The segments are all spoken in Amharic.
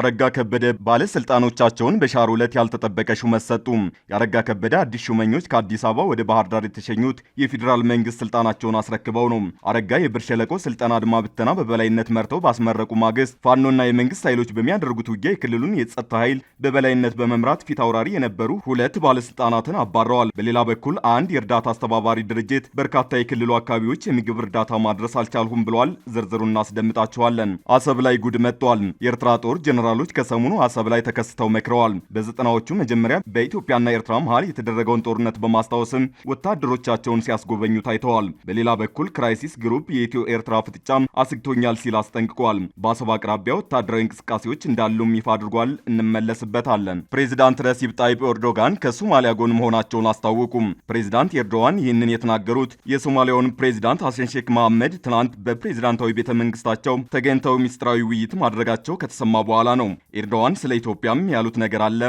አረጋ ከበደ ባለስልጣኖቻቸውን በሻር ሁለት ያልተጠበቀ ሹመት ሰጡ። የአረጋ ከበደ አዲስ ሹመኞች ከአዲስ አበባ ወደ ባህር ዳር የተሸኙት የፌዴራል መንግስት ስልጣናቸውን አስረክበው ነው። አረጋ የብር ሸለቆ ስልጠና አድማ ብተና በበላይነት መርተው ባስመረቁ ማግስት ፋኖና የመንግስት ኃይሎች በሚያደርጉት ውጊያ የክልሉን የጸጥታ ኃይል በበላይነት በመምራት ፊት አውራሪ የነበሩ ሁለት ባለስልጣናትን አባረዋል። በሌላ በኩል አንድ የእርዳታ አስተባባሪ ድርጅት በርካታ የክልሉ አካባቢዎች የምግብ እርዳታ ማድረስ አልቻልሁም ብለዋል። ዝርዝሩን እናስደምጣቸዋለን። አሰብ ላይ ጉድ መጥቷል። የኤርትራ ጦር ጀነ ጀነራሎች ከሰሞኑ ሀሳብ ላይ ተከስተው መክረዋል። በዘጠናዎቹ መጀመሪያ በኢትዮጵያና ኤርትራ መሀል የተደረገውን ጦርነት በማስታወስም ወታደሮቻቸውን ሲያስጎበኙ ታይተዋል። በሌላ በኩል ክራይሲስ ግሩፕ የኢትዮ ኤርትራ ፍጥጫ አስግቶኛል ሲል አስጠንቅቋል። በአሰብ አቅራቢያ ወታደራዊ እንቅስቃሴዎች እንዳሉም ይፋ አድርጓል። እንመለስበታለን። ፕሬዚዳንት ረሲብ ጣይብ ኤርዶጋን ከሶማሊያ ጎን መሆናቸውን አስታወቁም። ፕሬዚዳንት ኤርዶዋን ይህንን የተናገሩት የሶማሊያውን ፕሬዚዳንት ሐሰን ሼክ መሐመድ ትናንት በፕሬዚዳንታዊ ቤተ መንግስታቸው ተገኝተው ሚስጥራዊ ውይይት ማድረጋቸው ከተሰማ በኋላ ነው። ኤርዶዋን ስለ ኢትዮጵያም ያሉት ነገር አለ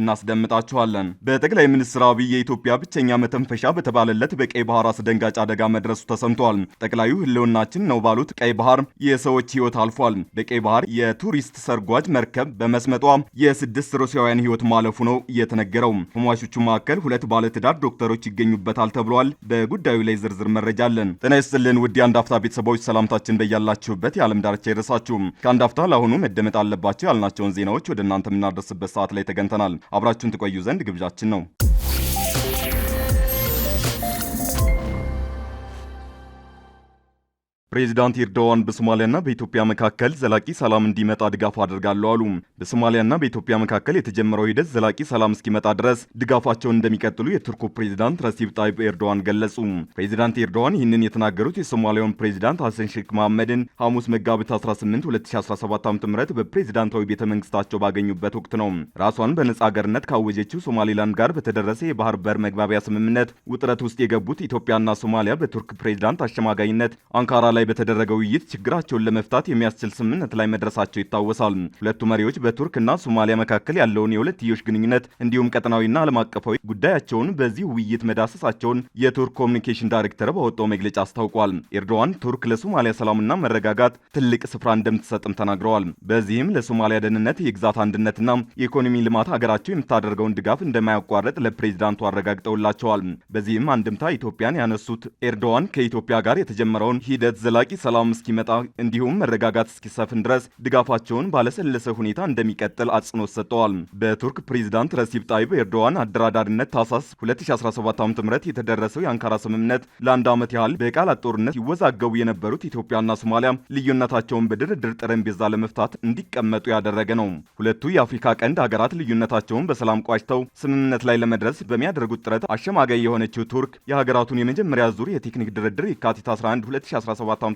እናስደምጣችኋለን። በጠቅላይ ሚኒስትር አብይ የኢትዮጵያ ብቸኛ መተንፈሻ በተባለለት በቀይ ባህር አስደንጋጭ አደጋ መድረሱ ተሰምቷል። ጠቅላዩ ህልውናችን ነው ባሉት ቀይ ባህር የሰዎች ህይወት አልፏል። በቀይ ባህር የቱሪስት ሰርጓጅ መርከብ በመስመጧ የስድስት ሩሲያውያን ህይወት ማለፉ ነው እየተነገረው። ከሟቾቹ መካከል ሁለት ባለትዳር ዶክተሮች ይገኙበታል ተብሏል። በጉዳዩ ላይ ዝርዝር መረጃ አለን። ጤና ይስጥልን ውድ የአንድ አፍታ ቤተሰቦች፣ ሰላምታችን በያላችሁበት የዓለም ዳርቻ ይድረሳችሁ። ከአንድ አፍታ ለአሁኑ መደመጥ አለባቸው ያልናቸውን ዜናዎች ወደ እናንተ የምናደርስበት ሰዓት ላይ ተገንተናል። አብራችሁን ትቆዩ ዘንድ ግብዣችን ነው። ፕሬዚዳንት ኤርዶዋን በሶማሊያና በኢትዮጵያ መካከል ዘላቂ ሰላም እንዲመጣ ድጋፍ አድርጋለሁ አሉ። በሶማሊያና በኢትዮጵያ መካከል የተጀመረው ሂደት ዘላቂ ሰላም እስኪመጣ ድረስ ድጋፋቸውን እንደሚቀጥሉ የቱርኩ ፕሬዚዳንት ረሲብ ጣይብ ኤርዶዋን ገለጹ። ፕሬዚዳንት ኤርዶዋን ይህንን የተናገሩት የሶማሊያውን ፕሬዚዳንት ሐሰን ሼክ መሐመድን ሐሙስ መጋቢት 18 2017 ዓ ም በፕሬዚዳንታዊ ቤተ መንግስታቸው ባገኙበት ወቅት ነው። ራሷን በነጻ አገርነት ካወጀችው ሶማሊላንድ ጋር በተደረሰ የባህር በር መግባቢያ ስምምነት ውጥረት ውስጥ የገቡት ኢትዮጵያና ሶማሊያ በቱርክ ፕሬዚዳንት አሸማጋይነት አንካራ ላይ ላይ በተደረገ ውይይት ችግራቸውን ለመፍታት የሚያስችል ስምምነት ላይ መድረሳቸው ይታወሳል። ሁለቱ መሪዎች በቱርክ እና ሶማሊያ መካከል ያለውን የሁለትዮሽ ግንኙነት እንዲሁም ቀጠናዊና ዓለም አቀፋዊ ጉዳያቸውን በዚህ ውይይት መዳሰሳቸውን የቱርክ ኮሚኒኬሽን ዳይሬክተር በወጣው መግለጫ አስታውቋል። ኤርዶዋን ቱርክ ለሶማሊያ ሰላምና መረጋጋት ትልቅ ስፍራ እንደምትሰጥም ተናግረዋል። በዚህም ለሶማሊያ ደህንነት፣ የግዛት አንድነትና የኢኮኖሚ ልማት ሀገራቸው የምታደርገውን ድጋፍ እንደማያቋረጥ ለፕሬዚዳንቱ አረጋግጠውላቸዋል። በዚህም አንድምታ ኢትዮጵያን ያነሱት ኤርዶዋን ከኢትዮጵያ ጋር የተጀመረውን ሂደት ዘላቂ ሰላም እስኪመጣ እንዲሁም መረጋጋት እስኪሰፍን ድረስ ድጋፋቸውን ባለሰለሰ ሁኔታ እንደሚቀጥል አጽንኦት ሰጥተዋል። በቱርክ ፕሬዚዳንት ረሲፕ ጣይብ ኤርዶዋን አደራዳሪነት ታሳስ 2017 ዓ.ም የተደረሰው የአንካራ ስምምነት ለአንድ ዓመት ያህል በቃላት ጦርነት ይወዛገቡ የነበሩት ኢትዮጵያና ሶማሊያ ልዩነታቸውን በድርድር ጠረጴዛ ለመፍታት እንዲቀመጡ ያደረገ ነው። ሁለቱ የአፍሪካ ቀንድ ሀገራት ልዩነታቸውን በሰላም ቋጭተው ስምምነት ላይ ለመድረስ በሚያደርጉት ጥረት አሸማጋይ የሆነችው ቱርክ የሀገራቱን የመጀመሪያ ዙር የቴክኒክ ድርድር የካቲት 11 2017 ዓ.ም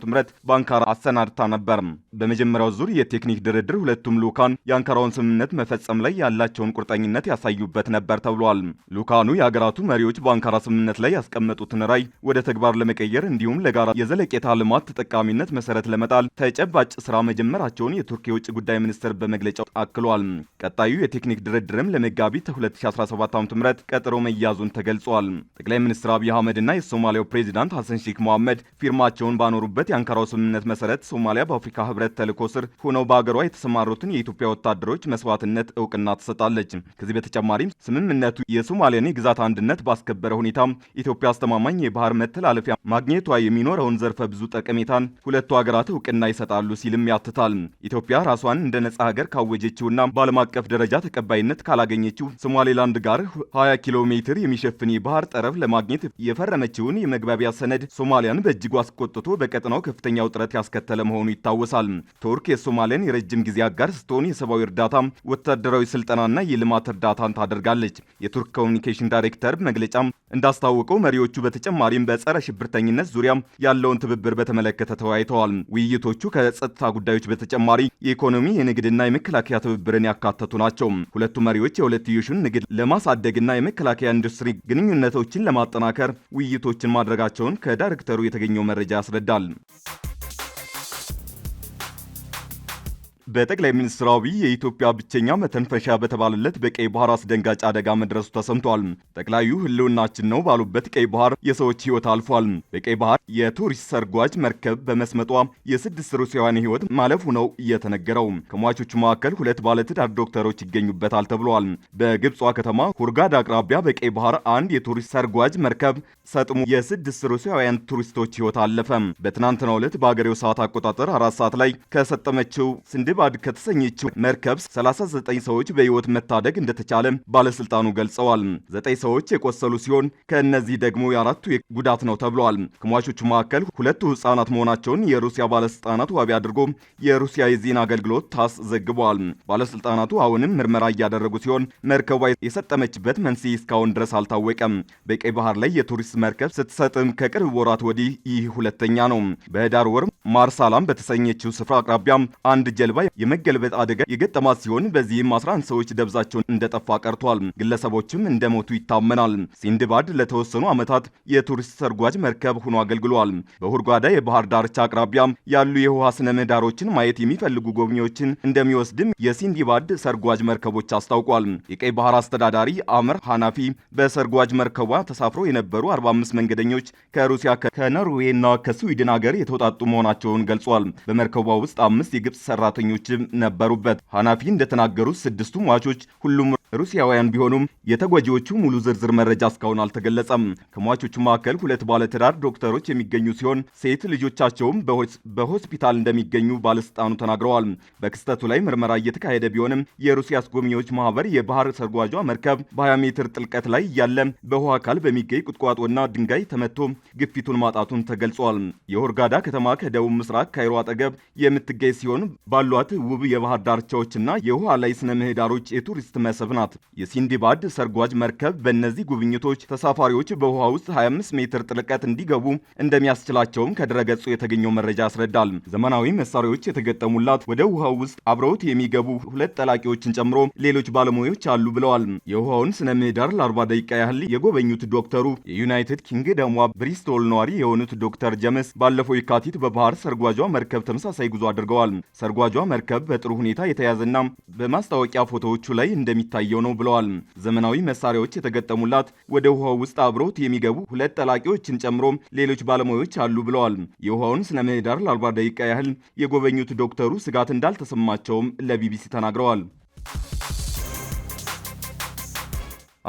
በአንካራ አሰናድታ ነበር። በመጀመሪያው ዙር የቴክኒክ ድርድር ሁለቱም ልዑካን የአንካራውን ስምምነት መፈጸም ላይ ያላቸውን ቁርጠኝነት ያሳዩበት ነበር ተብሏል። ልዑካኑ የአገራቱ መሪዎች በአንካራ ስምምነት ላይ ያስቀመጡትን ራዕይ ወደ ተግባር ለመቀየር እንዲሁም ለጋራ የዘለቄታ ልማት ተጠቃሚነት መሰረት ለመጣል ተጨባጭ ስራ መጀመራቸውን የቱርክ የውጭ ጉዳይ ሚኒስትር በመግለጫው አክሏል። ቀጣዩ የቴክኒክ ድርድርም ለመጋቢት 2017 ዓ.ም ቀጠሮ መያዙን ተገልጿል። ጠቅላይ ሚኒስትር አብይ አህመድ እና የሶማሊያው ፕሬዚዳንት ሐሰን ሼክ መሐመድ ፊርማቸውን ባኖሩ በተስማሙበት የአንካራው ስምምነት መሰረት ሶማሊያ በአፍሪካ ህብረት ተልዕኮ ስር ሆነው በአገሯ የተሰማሩትን የኢትዮጵያ ወታደሮች መስዋዕትነት እውቅና ትሰጣለች። ከዚህ በተጨማሪም ስምምነቱ የሶማሊያን የግዛት አንድነት ባስከበረ ሁኔታ ኢትዮጵያ አስተማማኝ የባህር መተላለፊያ ማግኘቷ የሚኖረውን ዘርፈ ብዙ ጠቀሜታን ሁለቱ ሀገራት እውቅና ይሰጣሉ ሲልም ያትታል። ኢትዮጵያ ራሷን እንደ ነጻ ሀገር ካወጀችውና በዓለም አቀፍ ደረጃ ተቀባይነት ካላገኘችው ሶማሌላንድ ጋር 20 ኪሎ ሜትር የሚሸፍን የባህር ጠረፍ ለማግኘት የፈረመችውን የመግባቢያ ሰነድ ሶማሊያን በእጅጉ አስቆጥቶ በቀ በቀጠናው ከፍተኛ ውጥረት ያስከተለ መሆኑ ይታወሳል። ቱርክ የሶማሊያን የረጅም ጊዜ አጋር ስትሆን የሰብአዊ እርዳታ፣ ወታደራዊ ስልጠናና የልማት እርዳታን ታደርጋለች። የቱርክ ኮሚኒኬሽን ዳይሬክተር መግለጫ እንዳስታወቀው መሪዎቹ በተጨማሪም በጸረ ሽብርተኝነት ዙሪያ ያለውን ትብብር በተመለከተ ተወያይተዋል። ውይይቶቹ ከጸጥታ ጉዳዮች በተጨማሪ የኢኮኖሚ፣ የንግድና የመከላከያ ትብብርን ያካተቱ ናቸው። ሁለቱ መሪዎች የሁለትዮሹን ንግድ ለማሳደግና የመከላከያ ኢንዱስትሪ ግንኙነቶችን ለማጠናከር ውይይቶችን ማድረጋቸውን ከዳይሬክተሩ የተገኘው መረጃ ያስረዳል። time. በጠቅላይ ሚኒስትር አብይ የኢትዮጵያ ብቸኛ መተንፈሻ በተባለለት በቀይ ባህር አስደንጋጭ አደጋ መድረሱ ተሰምቷል። ጠቅላዩ ህልውናችን ነው ባሉበት ቀይ ባህር የሰዎች ህይወት አልፏል። በቀይ ባህር የቱሪስት ሰርጓጅ መርከብ በመስመጧ የስድስት ሩሲያውያን ህይወት ማለፉ ነው እየተነገረው። ከሟቾቹ መካከል ሁለት ባለትዳር ዶክተሮች ይገኙበታል ተብሏል። በግብጿ ከተማ ሁርጋድ አቅራቢያ በቀይ ባህር አንድ የቱሪስት ሰርጓጅ መርከብ ሰጥሞ የስድስት ሩሲያውያን ቱሪስቶች ህይወት አለፈ። በትናንትናው ዕለት በአገሬው ሰዓት አቆጣጠር አራት ሰዓት ላይ ከሰጠመችው ስንድባ ከባድ ከተሰኘችው መርከብ 39 ሰዎች በህይወት መታደግ እንደተቻለ ባለስልጣኑ ገልጸዋል። ዘጠኝ ሰዎች የቆሰሉ ሲሆን ከእነዚህ ደግሞ የአራቱ ጉዳት ነው ተብሏል። ከሟቾቹ መካከል ሁለቱ ህጻናት መሆናቸውን የሩሲያ ባለስልጣናት ዋቢ አድርጎ የሩሲያ የዜና አገልግሎት ታስ ዘግበዋል። ባለስልጣናቱ አሁንም ምርመራ እያደረጉ ሲሆን መርከቧ የሰጠመችበት መንስኤ እስካሁን ድረስ አልታወቀም። በቀይ ባህር ላይ የቱሪስት መርከብ ስትሰጥም ከቅርብ ወራት ወዲህ ይህ ሁለተኛ ነው። በህዳር ወር ማርሳላም በተሰኘችው ስፍራ አቅራቢያም አንድ ጀልባ የመገልበጥ አደጋ የገጠማት ሲሆን በዚህም 11 ሰዎች ደብዛቸውን እንደጠፋ ቀርቷል። ግለሰቦችም እንደሞቱ ይታመናል። ሲንድባድ ለተወሰኑ ዓመታት የቱሪስት ሰርጓጅ መርከብ ሆኖ አገልግሏል። በሁርጓዳ የባህር ዳርቻ አቅራቢያ ያሉ የውሃ ስነ ምህዳሮችን ማየት የሚፈልጉ ጎብኚዎችን እንደሚወስድም የሲንዲባድ ሰርጓጅ መርከቦች አስታውቋል። የቀይ ባህር አስተዳዳሪ አምር ሃናፊ በሰርጓጅ መርከቧ ተሳፍሮ የነበሩ 45 መንገደኞች ከሩሲያ ከኖርዌይና ከስዊድን ሀገር የተውጣጡ መሆናቸውን ገልጿል። በመርከቧ ውስጥ አምስት የግብፅ ሰራተኞች ሰራተኞችም ነበሩበት። ሐናፊ እንደተናገሩት ስድስቱ ሟቾች ሁሉም ሩሲያውያን ቢሆኑም የተጎጂዎቹ ሙሉ ዝርዝር መረጃ እስካሁን አልተገለጸም። ከሟቾቹ መካከል ሁለት ባለትዳር ዶክተሮች የሚገኙ ሲሆን ሴት ልጆቻቸውም በሆስፒታል እንደሚገኙ ባለስልጣኑ ተናግረዋል። በክስተቱ ላይ ምርመራ እየተካሄደ ቢሆንም የሩሲያ አስጎብኚዎች ማህበር የባህር ሰርጓጇ መርከብ በ20 ሜትር ጥልቀት ላይ እያለ በውሃ አካል በሚገኝ ቁጥቋጦና ድንጋይ ተመቶ ግፊቱን ማጣቱን ተገልጿል። የሆርጋዳ ከተማ ከደቡብ ምስራቅ ካይሮ አጠገብ የምትገኝ ሲሆን ባሏት ውብ የባህር ዳርቻዎችና የውሃ ላይ ስነ ምህዳሮች የቱሪስት መስህብ ናት። ናት። የሲንዲባድ ሰርጓጅ መርከብ በእነዚህ ጉብኝቶች ተሳፋሪዎች በውሃ ውስጥ 25 ሜትር ጥልቀት እንዲገቡ እንደሚያስችላቸውም ከድረገጹ የተገኘው መረጃ ያስረዳል። ዘመናዊ መሳሪያዎች የተገጠሙላት ወደ ውሃው ውስጥ አብረውት የሚገቡ ሁለት ጠላቂዎችን ጨምሮ ሌሎች ባለሙያዎች አሉ ብለዋል። የውሃውን ስነ ምህዳር ለ40 ደቂቃ ያህል የጎበኙት ዶክተሩ የዩናይትድ ኪንግደሟ ብሪስቶል ነዋሪ የሆኑት ዶክተር ጀምስ ባለፈው የካቲት በባህር ሰርጓጇ መርከብ ተመሳሳይ ጉዞ አድርገዋል። ሰርጓጇ መርከብ በጥሩ ሁኔታ የተያዘና በማስታወቂያ ፎቶዎቹ ላይ እንደሚታየው እያሳየው ነው ብለዋል። ዘመናዊ መሳሪያዎች የተገጠሙላት ወደ ውሃው ውስጥ አብሮት የሚገቡ ሁለት ጠላቂዎችን ጨምሮ ሌሎች ባለሙያዎች አሉ ብለዋል። የውሃውን ስነ ምህዳር ለአርባ ደቂቃ ያህል የጎበኙት ዶክተሩ ስጋት እንዳልተሰማቸውም ለቢቢሲ ተናግረዋል።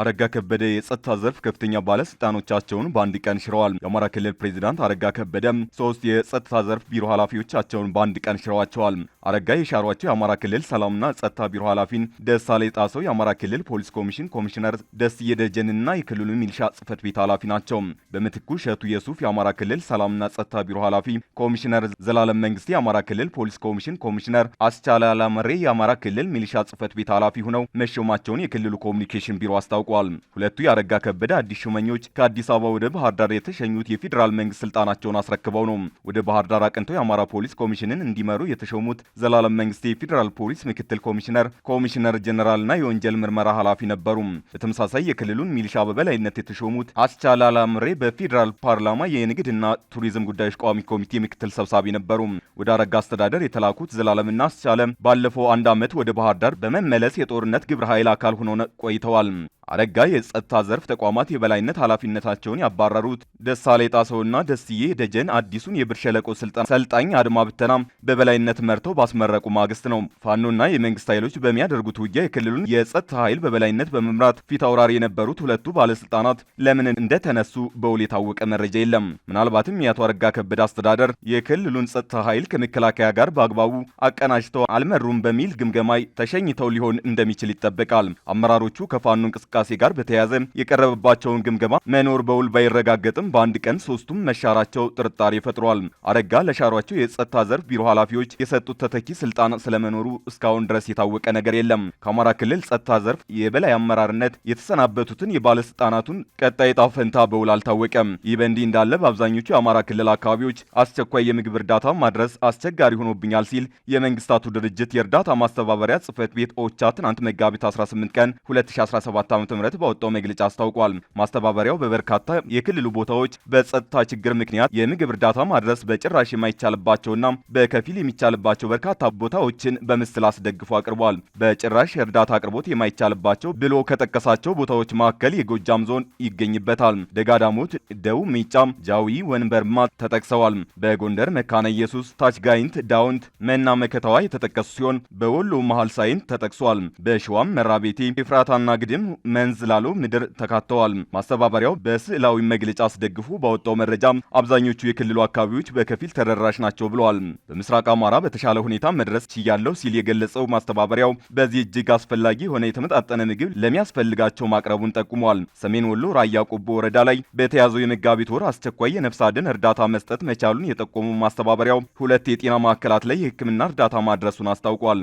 አረጋ ከበደ የጸጥታ ዘርፍ ከፍተኛ ባለስልጣኖቻቸውን በአንድ ቀን ሽረዋል። የአማራ ክልል ፕሬዚዳንት አረጋ ከበደ ሶስት የጸጥታ ዘርፍ ቢሮ ኃላፊዎቻቸውን በአንድ ቀን ሽረዋቸዋል። አረጋ የሻሯቸው የአማራ ክልል ሰላምና ጸጥታ ቢሮ ኃላፊን ደሳሌ ጣሰው፣ የአማራ ክልል ፖሊስ ኮሚሽን ኮሚሽነር ደስዬ ደጀንና የክልሉ ሚሊሻ ጽህፈት ቤት ኃላፊ ናቸው። በምትኩ ሸቱ የሱፍ የአማራ ክልል ሰላምና ጸጥታ ቢሮ ኃላፊ፣ ኮሚሽነር ዘላለም መንግስት የአማራ ክልል ፖሊስ ኮሚሽን ኮሚሽነር አስቻላላመሬ የአማራ ክልል ሚሊሻ ጽህፈት ቤት ኃላፊ ሆነው መሾማቸውን የክልሉ ኮሚኒኬሽን ቢሮ አስታውቋል። ታውቋል። ሁለቱ የአረጋ ከበደ አዲስ ሹመኞች ከአዲስ አበባ ወደ ባህር ዳር የተሸኙት የፌዴራል መንግስት ስልጣናቸውን አስረክበው ነው። ወደ ባህር ዳር አቅንተው የአማራ ፖሊስ ኮሚሽንን እንዲመሩ የተሾሙት ዘላለም መንግስት የፌዴራል ፖሊስ ምክትል ኮሚሽነር፣ ኮሚሽነር ጀኔራልና የወንጀል ምርመራ ኃላፊ ነበሩ። በተመሳሳይ የክልሉን ሚሊሻ በበላይነት የተሾሙት አስቻለ አላምሬ በፌዴራል ፓርላማ የንግድና ቱሪዝም ጉዳዮች ቋሚ ኮሚቴ ምክትል ሰብሳቢ ነበሩ። ወደ አረጋ አስተዳደር የተላኩት ዘላለምና አስቻለ ባለፈው አንድ ዓመት ወደ ባህር ዳር በመመለስ የጦርነት ግብረ ኃይል አካል ሆነው ቆይተዋል። አረጋ የጸጥታ ዘርፍ ተቋማት የበላይነት ኃላፊነታቸውን ያባረሩት ደሳሌ ጣሰውና ደስዬ ደጀን አዲሱን የብር ሸለቆ ስልጠና ሰልጣኝ አድማ ብተና በበላይነት መርተው ባስመረቁ ማግስት ነው። ፋኖና የመንግስት ኃይሎች በሚያደርጉት ውጊያ የክልሉን የጸጥታ ኃይል በበላይነት በመምራት ፊት አውራሪ የነበሩት ሁለቱ ባለስልጣናት ለምን እንደተነሱ በውል የታወቀ መረጃ የለም። ምናልባትም የአቶ አረጋ ከበደ አስተዳደር የክልሉን ጸጥታ ኃይል ከመከላከያ ጋር በአግባቡ አቀናጅተው አልመሩም በሚል ግምገማይ ተሸኝተው ሊሆን እንደሚችል ይጠበቃል። አመራሮቹ ከፋኖ እንቅስቃሴ እንቅስቃሴ ጋር በተያያዘ የቀረበባቸውን ግምገማ መኖር በውል ባይረጋገጥም በአንድ ቀን ሶስቱም መሻራቸው ጥርጣሬ ፈጥሯል። አረጋ ለሻሯቸው የጸጥታ ዘርፍ ቢሮ ኃላፊዎች የሰጡት ተተኪ ስልጣን ስለመኖሩ እስካሁን ድረስ የታወቀ ነገር የለም። ከአማራ ክልል ጸጥታ ዘርፍ የበላይ አመራርነት የተሰናበቱትን የባለስልጣናቱን ቀጣይ ዕጣ ፈንታ በውል አልታወቀም። ይህ በእንዲህ እንዳለ በአብዛኞቹ የአማራ ክልል አካባቢዎች አስቸኳይ የምግብ እርዳታ ማድረስ አስቸጋሪ ሆኖብኛል ሲል የመንግስታቱ ድርጅት የእርዳታ ማስተባበሪያ ጽህፈት ቤት ኦቻ ትናንት መጋቢት 18 ቀን 2017 ዓ ዓ.ም ባወጣው መግለጫ አስታውቋል። ማስተባበሪያው በበርካታ የክልሉ ቦታዎች በጸጥታ ችግር ምክንያት የምግብ እርዳታ ማድረስ በጭራሽ የማይቻልባቸውና በከፊል የሚቻልባቸው በርካታ ቦታዎችን በምስል አስደግፎ አቅርቧል። በጭራሽ እርዳታ አቅርቦት የማይቻልባቸው ብሎ ከጠቀሳቸው ቦታዎች መካከል የጎጃም ዞን ይገኝበታል። ደጋዳሞት፣ ደቡብ ሚጫም፣ ጃዊ፣ ወንበርማ ተጠቅሰዋል። በጎንደር መካነ ኢየሱስ፣ ታች ጋይንት፣ ዳውንት፣ መና መከታዋ የተጠቀሱ ሲሆን በወሎ መሃል ሳይንት ተጠቅሷል። በሸዋም መራቤቴ፣ ኤፍራታና ግድም መንዝ ላሉ ምድር ተካተዋል። ማስተባበሪያው በስዕላዊ መግለጫ አስደግፉ ባወጣው መረጃ አብዛኞቹ የክልሉ አካባቢዎች በከፊል ተደራሽ ናቸው ብለዋል። በምስራቅ አማራ በተሻለ ሁኔታ መድረስ ችያለሁ ሲል የገለጸው ማስተባበሪያው በዚህ እጅግ አስፈላጊ የሆነ የተመጣጠነ ምግብ ለሚያስፈልጋቸው ማቅረቡን ጠቁመዋል። ሰሜን ወሎ ራያ ቆቦ ወረዳ ላይ በተያዘው የመጋቢት ወር አስቸኳይ የነፍስ አድን እርዳታ መስጠት መቻሉን የጠቆሙ ማስተባበሪያው ሁለት የጤና ማዕከላት ላይ የሕክምና እርዳታ ማድረሱን አስታውቋል።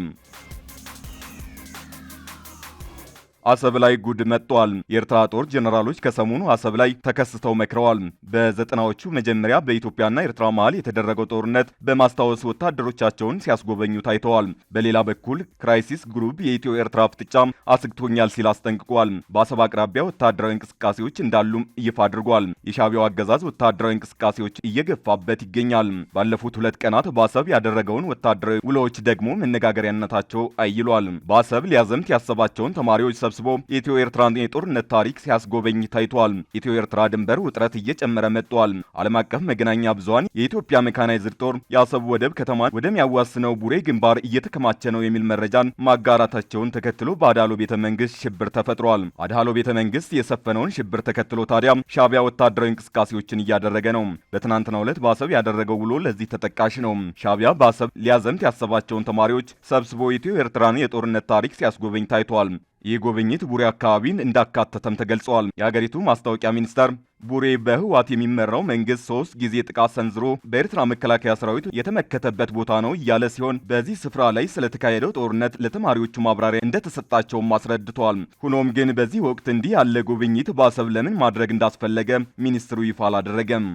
አሰብ ላይ ጉድ መጥቷል። የኤርትራ ጦር ጀነራሎች ከሰሞኑ አሰብ ላይ ተከስተው መክረዋል። በዘጠናዎቹ መጀመሪያ በኢትዮጵያና ኤርትራ መሃል የተደረገው ጦርነት በማስታወስ ወታደሮቻቸውን ሲያስጎበኙ ታይተዋል። በሌላ በኩል ክራይሲስ ግሩፕ የኢትዮ ኤርትራ ፍጥጫ አስግቶኛል ሲል አስጠንቅቋል። በአሰብ አቅራቢያ ወታደራዊ እንቅስቃሴዎች እንዳሉም ይፋ አድርጓል። የሻቢያው አገዛዝ ወታደራዊ እንቅስቃሴዎች እየገፋበት ይገኛል። ባለፉት ሁለት ቀናት በአሰብ ያደረገውን ወታደራዊ ውሎዎች ደግሞ መነጋገሪያነታቸው አይሏል። በአሰብ ሊያዘምት ያሰባቸውን ተማሪዎች ተሰብስቦ የኢትዮ ኤርትራን የጦርነት ታሪክ ሲያስጎበኝ ታይቷል። ኢትዮ ኤርትራ ድንበር ውጥረት እየጨመረ መጥቷል። ዓለም አቀፍ መገናኛ ብዙሃን የኢትዮጵያ ሜካናይዝድ ጦር የአሰብ ወደብ ከተማ ወደሚያዋስነው ቡሬ ግንባር እየተከማቸ ነው የሚል መረጃን ማጋራታቸውን ተከትሎ በአዳሎ ቤተ መንግስት ሽብር ተፈጥሯል። አድሃሎ ቤተ መንግስት የሰፈነውን ሽብር ተከትሎ ታዲያ ሻቢያ ወታደራዊ እንቅስቃሴዎችን እያደረገ ነው። በትናንትናው ዕለት በአሰብ ያደረገው ውሎ ለዚህ ተጠቃሽ ነው። ሻቢያ በአሰብ ሊያዘምት ያሰባቸውን ተማሪዎች ሰብስቦ ኢትዮ ኤርትራን የጦርነት ታሪክ ሲያስጎበኝ ታይቷል። ይህ ጉብኝት ቡሬ አካባቢን እንዳካተተም ተገልጿል። የሀገሪቱ ማስታወቂያ ሚኒስተር ቡሬ በህዋት የሚመራው መንግስት ሶስት ጊዜ ጥቃት ሰንዝሮ በኤርትራ መከላከያ ሰራዊት የተመከተበት ቦታ ነው እያለ ሲሆን በዚህ ስፍራ ላይ ስለተካሄደው ጦርነት ለተማሪዎቹ ማብራሪያ እንደተሰጣቸውም አስረድተዋል። ሆኖም ግን በዚህ ወቅት እንዲህ ያለ ጉብኝት በአሰብ ለምን ማድረግ እንዳስፈለገ ሚኒስትሩ ይፋ አላደረገም።